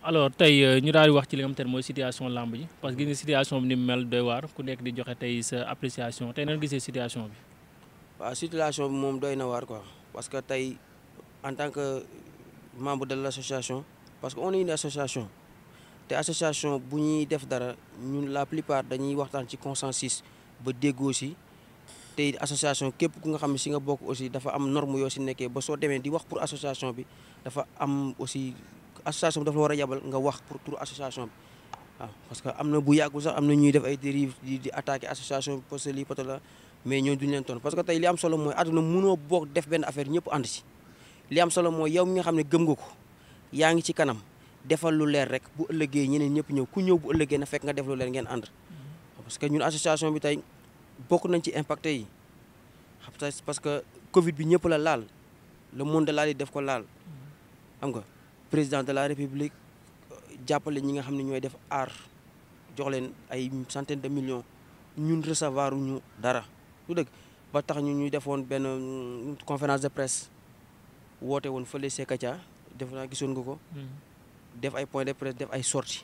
alors tay euh, ñu daal wax ci li nga xamante moy situation lamb ji parce que gis situation ni mel doy war ku nekk di joxe tay sa appréciation Tay nan gisé situation bi. waaw situation bi moom doy na war quoi parce que tay en tant que membre de l'association association parce que on est une association Té association bu ñi def dara ñun la plupart dañuy waxtan ci consensus ba déggoo si te association képp ku nga xam si nga bok aussi dafa am norme yo si nekkee ba so demee di wax pour association bi dafa am aussi. association bi dafa la war a yabal nga wax pour turu association bi parce que am na bu yàggul sax am na ñuy def ay dérive di di attaqué association bi parce que lii poto la mais ñoo duñ leen toon am solo mooy àdduna nga xam ne gëm nga ko yaa ngi ci kanam defal lu leer rek bu ëllëgee ñeneen ñëpp ñëw ku ñëw bu ëllëgee na fekk nga def lu leer ngeen ànd mm-hmm. parce que ñun association bi tey bokk nañ ci impacté yi parce que Covid bi ñëpp la laal le monde laal yi def ko laal mm-hmm. xam nga président de la république jàppale ñi nga xam ne ñooy def aar jox leen ay centaine de millions ñun recevoir ñu dara lu dëgg ba tax ñu ñu defoon benn euh, conférence de presse woote woon fële Sekatia def naa gisoon nga ko mm-hmm. def ay point de presse def ay sortie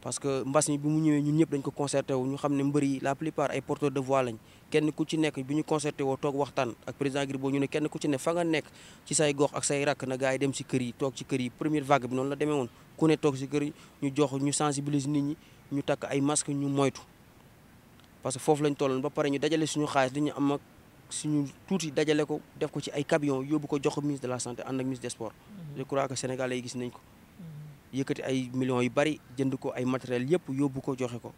parce que mbas mi bi mu ñëwee ñun ñëpp dañ ko concerté wu ñu xamné ne yi la plupart ay porteurs de voix lañ kenn ku ci nekk bi ñu concerté wo tok waxtan ak président Gribo ñu ne kenn ku ci ne fa nga nekk ci say gox ak say rak na gaay dem ci kër yi tok ci kër yi première vague bi non la démé won ku né tok ci kër yi ñu jox ñu sensibiliser nit ñi ñu tak ay masque ñu moytu parce que foofu lañ tolloon ba paré ñu dajalé suñu di ñu am ak suñu touti dajalé ko def ko ci ay camion yobu ko jox ministre de la santé and ak ministre des sports je crois que sénégalais yi gis nañ ko yëkëti ay millions yu bari jënd ko ay matériel yépp yóbbu ko joxe ko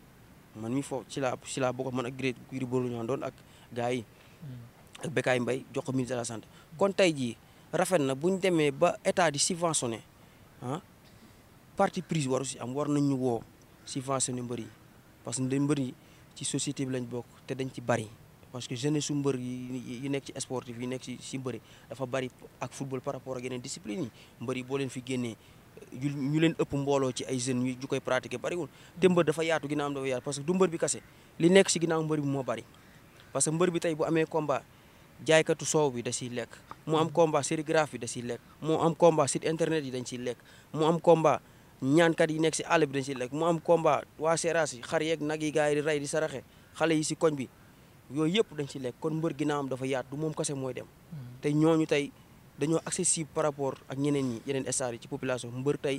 man mi fo ci la ci la bokk man ak gré giri boru ñu doon ak gaay hmm. ak bekay mbay jox ko ministre de la santé kon tay ji rafet na buñ démé ba état di subventionné hein ah, parti prise waru ci am war nañ ñu wo subventionné mbeur yi parce que mbeur yi ci société bi lañ bok té dañ ci bari parce que jeunesse su mbeur yi nek ci sportif yi nek ci ci mbeur dafa bari ak football par rapport ak yenen discipline yi mbeur bo leen fi ñu leen ëpp mbooloo ci ay jeunes yu koy pratiquer bariwul te mbër dafa yaatu ginnaawam dafa yaatu parce du mbër bi kase li nekk si ginnaaw mbër bi moo bari parce que mbër bi tey bu amee combat jaaykatu soow bi da siy lekk mu am combat sérigraphe bi da siy lekk mu am combat site internet yi lekk mu am combat ñaankat yi nekk si àll bi dañ siy lekk mu am combat waa seeraas yi xar yeeg nag yi gars yi di rey di saraxe xale yi si koñ bi yooyu yëpp dañ siy lekk kon mbër ginnaawam dafa yaatu du moom kase mooy dem hmm. te ñooñu tey dañoo accessible par rapport ak ñeneen ñi yeneen stars yi ci population mbër tey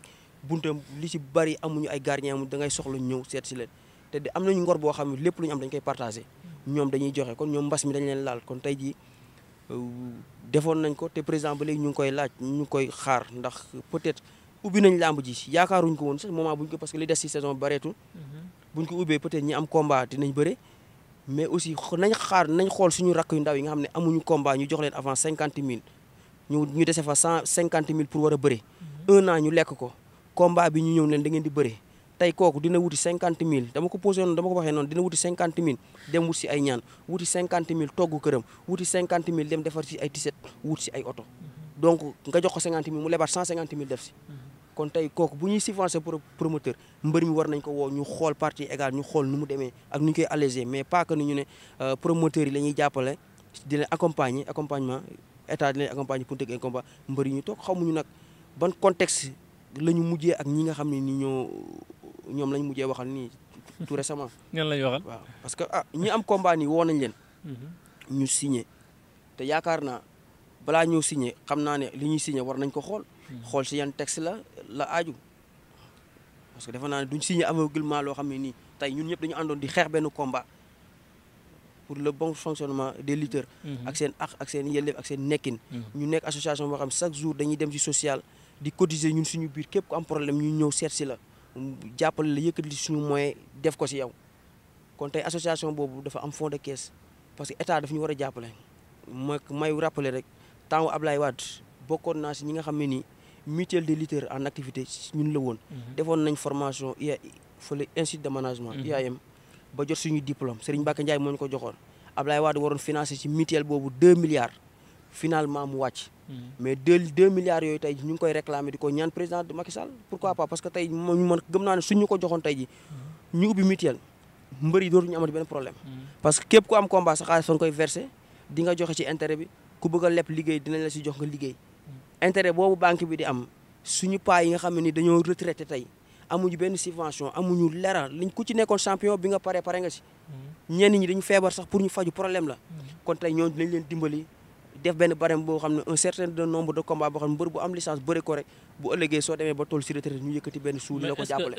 li ci bari amuñu ay gardien amuñu da ngay soxla ñëw seet si leen te am nañu ngor boo xam ne lépp lu ñu am dañ koy ñoom dañuy joxe kon ñoom mbas mi dañ leen laal kon tey jii euh, defoon nañ ko te président ba ñu ngi koy laaj ñu ngi koy xaar ndax peut-être ubbi nañ làmb ji yaakaaruñ ko woon ko parce que li des si saison bareetul mhm. buñ ko ubbee peut-être ñi am combat dinañ bëre mais aussi nañ xaar xool suñu rakk yu ndaw yi nga xam ne amuñu combat jox leen avant cinquante mille ñu ñu dese fa cent cinquante mille pour war a bëre un ñu lekk ko combat bi ñu ñëw leen da ngeen di bëre tey kooku dina wuti cinquante mille dama ko posé noonu dama ko waxee noonu dem def si kon tey kooku bu ñuy subventionné promoteur mbër mi war nañ ko woo ñu xool partie égale ñu xool nu demee ak nu ñu koy alléger mais pas que ni ñu ne euh, promoteur yi jàppale di leen accompagner état dinañ accompagner pour tek combat mbër yi ñu toog xamuñu nak ban contexte lañu mujjé ak ñi nga xamni ni ñoo ñom lañu mujjé waxal ni tout récemment. ñan lañu waxal waaw parce que ah ñi am combat ni wonañ nañ leen. Mhm. ñu signé té yakarna bala ñu ñëw signé xam naa li ñu signé war nañ ko xol mhm. xol ci yeen texte la la aaju. parce que defana duñ signé aveuglement lo xamni ni tay ñun ñep dañu andon di xex benn combat. pour le bon fonctionnement des lutteurs. Mhm. ak seen aq ak une yelleef ak seen nekkin. Mhm. ñu association boo xam chaque jour dañuy dem ci social di cotiser ñun suñu biir képp ku am problème ñu ñëw seet si la les yeux que suñu moyen def ko ci yow kon tey association de dafa am fond de caisse parce que état daf ñu war a jàppale. ma may rappeler rek temps Ablaye wad bokkoon naa ci ñi nga xam ne nii mutuelle des lutteurs en activité ñun la woon. Mhm. defoon nañ formation faut les institut de management IAM. ba jot suñu diplôme Serigne Mbacke Ndiaye moo ñu ko joxoon Ablaye Wade waroon financé ci mutuelle boobu 2 milliards finalement mu wàcc. Hmm. mais 2 2 milliards yooyu tey ñu ngi koy réclamer di ko ñaan président de Macky Sall pourquoi pas parce que tey moom man gëm naa ne suñu ko joxoon tey ji hmm. ñu ubbi benn problème. Hmm. parce que képp ku am combat sa xaalis fa nga koy versé di joxe ci intérêt bi ku bëgg a leb liggéey dinañ la si jox nga liggéey. intérêt boobu banque bi di am suñu paa yi nga xam ne ni dañoo retraité tey. amuñu benn subvention amuñu lera liñ ku ci nekkoon champion bi nga pare pare nga si. Mm-hmm. ñenn ñi dañu feebar sax pour ñu faju problème la. Mm-hmm. kon tey ñooñu dinañ leen dimbali def benn barème boo xam ne un certain nombre de combats boo xam ne mbër bu am licence bëri ko rek bu ëllëgee soo demee ba toll si retraite ñu yëkkati benn suul la ko jàppale.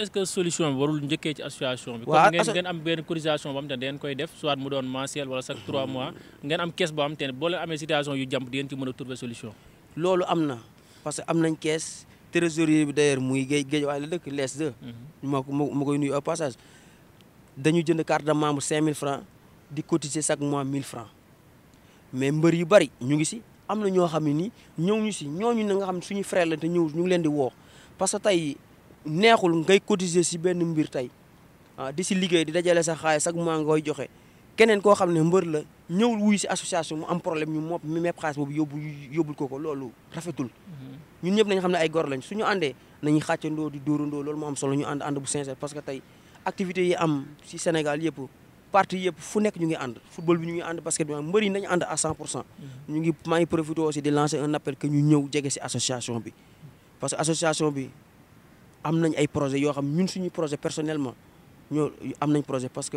ngeen am benn cotisation boo xam te koy def soit mu doon mensuel wala chaque 3 mois mm-hmm. ngeen am kees trésorier d'ailleurs muy les deux mhm. ma ma koy nuyu au passage dañu jënd carte de membre francs di cotiser chaque mois francs mais mbeur yu bari ñu ngi ci amna ño xamni nous ñu ci ñoñu nga xam suñu frère la te que cotiser mbir di la nous wuy si association mu am problème ñu avons mi problèmes yobul ko ko rafetul mhm. ñun nañ xamné ay gor lañ suñu train nous ndo di nous lolu am solo ñu bu sincère parce que tay activité Sénégal parti fu ñu football bi à 100 mhm. aussi lancer un appel que ñu parce que association bi am nañ ay personnellement nous am nañ projet parce que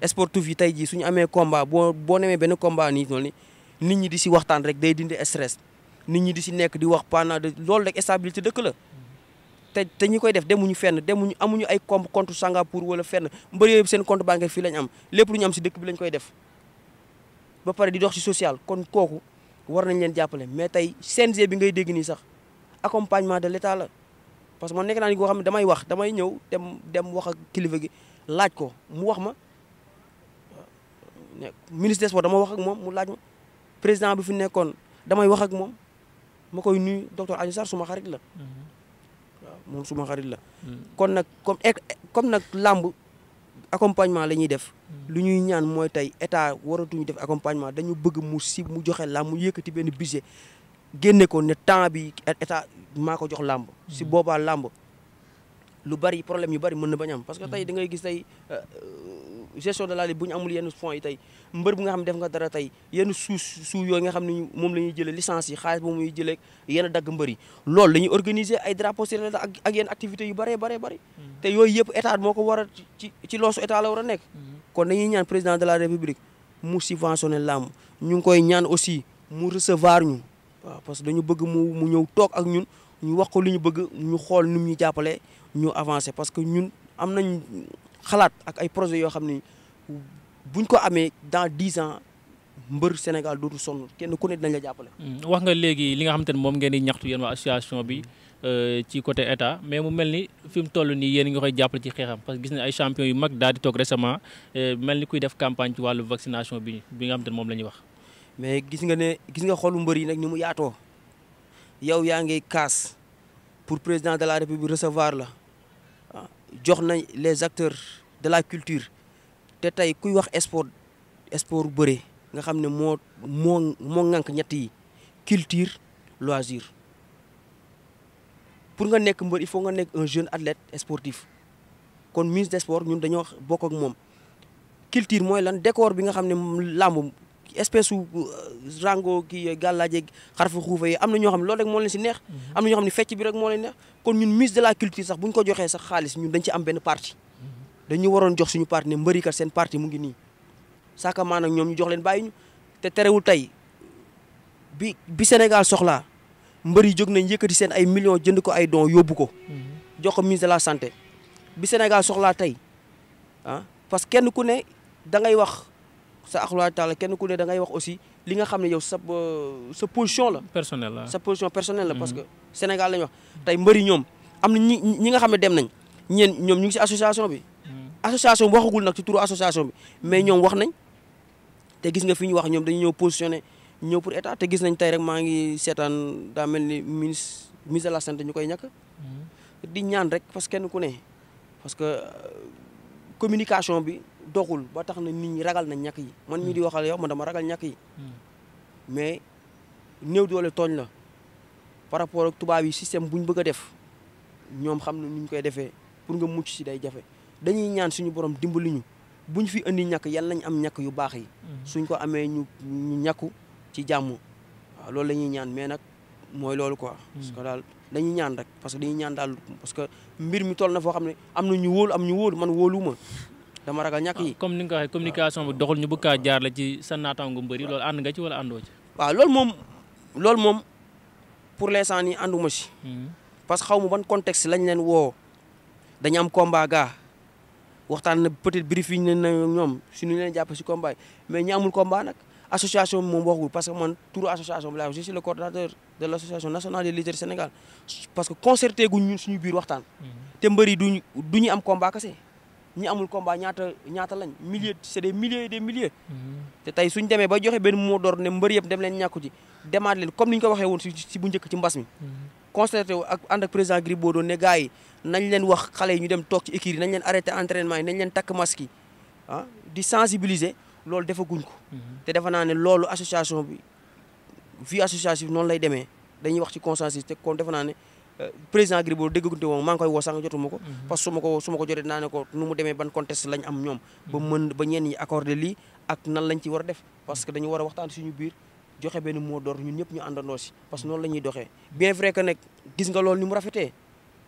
esportu yi tey ji suñu amé combat bo bo némé benn combat nii ni nit ñi di ci waxtaan rek day dindi stress nit ñi di ci nekk di wax pendant de lool rek stabilité deuk la te te ñi koy def demuñu fenn demuñu amuñu ay compte contre Singapour wala fenn mbeur yooyu sen compte bancaire fi lañ am lépp lu ñu am si dëkk bi lañ koy def ba paré di dox sosial, social kon koku war nañ leen jappalé mais tey CNG bi ngay dégg ni sax accompagnement de l'État la parce que man nekk na ni go xamni damay wax damay ñëw dem dem wax ak kilifa gi laaj ko mu wax ma ministre des sports dama wax moom mu laaj ma président bi fi nekkoon damay wax ak moom ma koy nuyu docteur Adji Sarr la. waaw moom suma la. kon nag comme e-, comme nag làmb accompagnement la ñuy def. lu ñuy ñaan mooy tey état waratuñu def accompagnement dañu bëgg mu si mu joxe làmb mu yëkkati benn budget génne ko ne temps bi état maa ko jox làmb. si mm-hmm. boobaa làmb lu bari problème yu bari mën na bañ am parce que tey da ngay gis tey. Euh, gestion de la lutte bu ñu amul yenn fonds yi tey mbër bu nga xam ne def nga dara tey yenn suuf yooyu nga xam ne moom la ñuy jëlee yi xaalis boobu muy jëlee yenn dagg mbër yi loolu la ñuy ay drapeaux céréales ak yenn activités yu bëree bëree hmm. te yooyu yëpp état moo ko war a ci loosu état la war a nekk hmm. kon dañuy ñaan président de la république mu subventionné làmb ñu koy ñaan aussi mu recevoir ñu parce que ñun am nañ xalaat ak ay projet yoo xam ni buñ ko amee dans dix ans mbër Sénégal dootu sonn kenn ku ne dinañ la jàppale. Mm, wax nga léegi li nga xam ne moom ngeen di ñaxtu yéen waa association bi euh, ci côté état mais mu mel ni fi mu toll nii yéen nga koy jàppale ci xeexam parce que gis nañ ay champion yu mag daal di toog récemment euh, mel ni kuy def campagne ci wàllu vaccination bi bi nga xam ne moom la ñuy wax. mais gis nga ne gis nga xolu mbër yi nag ni mu yaatoo yow yaa ngi kaas pour président de la république recevoir la ah, jox nañ les acteurs. de la culture te tey kuy wax sport sport bëre nga xam mo, mo ngank moo ñett yi culture loisir pour nga nek mbeur il faut nga nek un jeune athlète sportif kon ministre des sports ñun dañoo bokk ak mom. culture moy lan décor bi nga xam lamb espèce ou euh, rango ki galadje, xarfa xuufa amna am na ñoo xam ne rek mo leen ci neex mhm. amna na xam fecc bi rek mo leen neex kon ñun ministre de la culture sax buñ ko joxé sax xaliss ñun dañ ci am ben parti dañu waron jox suñu parti ne mbëri kat sen parti mu ngi saka man ak ñom ñu jox leen bàyyi ñu te terewul bi bi Sénégal soxla mbeuri jog nañ yëkëti sen ay millions jënd ko ay don yobbu ko. Mhm. jox ko ministre de la santé bi Sénégal soxla tay ah parce que kenn ku ne da ngay wax sa axluwaay taala kenn ku ne da ngay wax aussi li nga xamne yow sa euh, sa position la. personnel la sa position personnel la. parce mhm. que Sénégal lañ wax tay mbeuri ñom amna ñi nga xamne dem nañ ñen ñom ñu ci association bi. association bi waxagul nag ci turu association mais ñoom wax nañ te gis nga fi ñu wax ñoom dañu ñëw positionné ñëw pour état te gis nañ tey rek maa ngi seetaan daa mel ni ministre ministre la santé ñu koy ñàkk mm-hmm. di ñaan rek parce que kenn ku ne parce que euh, communication bi doxul ba tax na nit ñi ragal nañ ñàkk yi man mii di waxal yow man dama ragal ñàkk yi mm-hmm. mais néew doole tooñ la par rapport ak tubaab yi système bu ñu bëgg a def ñoom xam na nu ñu koy defee pour nga mucc si day jafe dañuy ñaan suñu borom dimbali ñu bu ñu fi indi ñàkk yàlla nañ am ñàkk yu baax yi. Mm-hmm. suñu ko amee ñu ñu ñàkku ci jàmm. waaw loolu la ñuy ñaan mais nag mooy loolu quoi. Mm-hmm. parce que daal dañuy ñaan rek parce que dañuy ñaan daal parce que mbir mi toll na foo xam ne am na ñu wóolu am ñu wóolu man wóoluwuma dama ragal ñàkk yi. Ah, comme ni nga ko waxee communication bi doxul ñu bëgg kaa jaar la ci sa naataango mbëri loolu ànd nga ci wala àndoo ci. waaw loolu moom loolu moom pour l'instant nii ànduma si. Mm-hmm. parce que xaw ma ban contexte lañ leen woo dañu am combat waxtaan peut être briefing nañ na ñom si ñu leen jàpp si combat mais ñi amul combat nak association bi moom waxul parce que man tour association bla je suis le coordinateur de l'association nationale des leaders Sénégal parce que concerté gu ñun suñu biir waxtaan. té mbeuri yi duñu am combat kese ñi amul combat ñaata ñaata lañ milliers c'est des milliers et des milliers. té mhm. tay suñu démé ba joxé ben mo dor né mbeur yëpp dem leen ñàkku ci le leen comme niñ ko waxé won si bu njëkk ci mbass mi. Mhm. concerté ak and ak président gribo né gaay yi. nañ leen wax xale yi ñu dem toog ci équipe leen arrêté entraînement yi nañ leen takk masque ah, di sensibiliser loolu defaguñ ko. Mhm. defe naa ne loolu association bi vie associative noonu lay demee dañuy wax ci consensus te kon naa ne euh, président Gris Bordeaux déggaguñu te woon maa ngi koy woo sànq jotuma ko. Mhm. parce su ma ko su ma ko jotee naa ne nu mu demee ban contexte lañ am ñoom. ba mhm. mën ba ñenn ñi accordé lii ak nan lañ ci war a def parce que dañu war a waxtaan suñu biir. joxe benn moo d'ordre ñun ñëpp ñu àndandoo si parce que noonu lañuy ñuy doxee bien vrai que nag gis nga loolu ni mu rafetee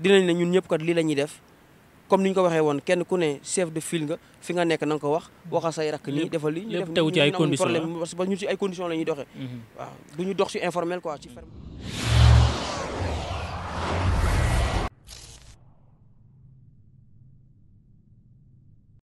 dinañ ne ñun ñëpp kat lii la ñuy def comme ni ñu ko waxee woon kenn ku ne chef de file nga fi nga nekk na nga ko wax waxal say rakk nii defal ñu def ci ay conditions problème parce que ñu ci doxee mhm. waaw du ñu dox ci informel quoi ci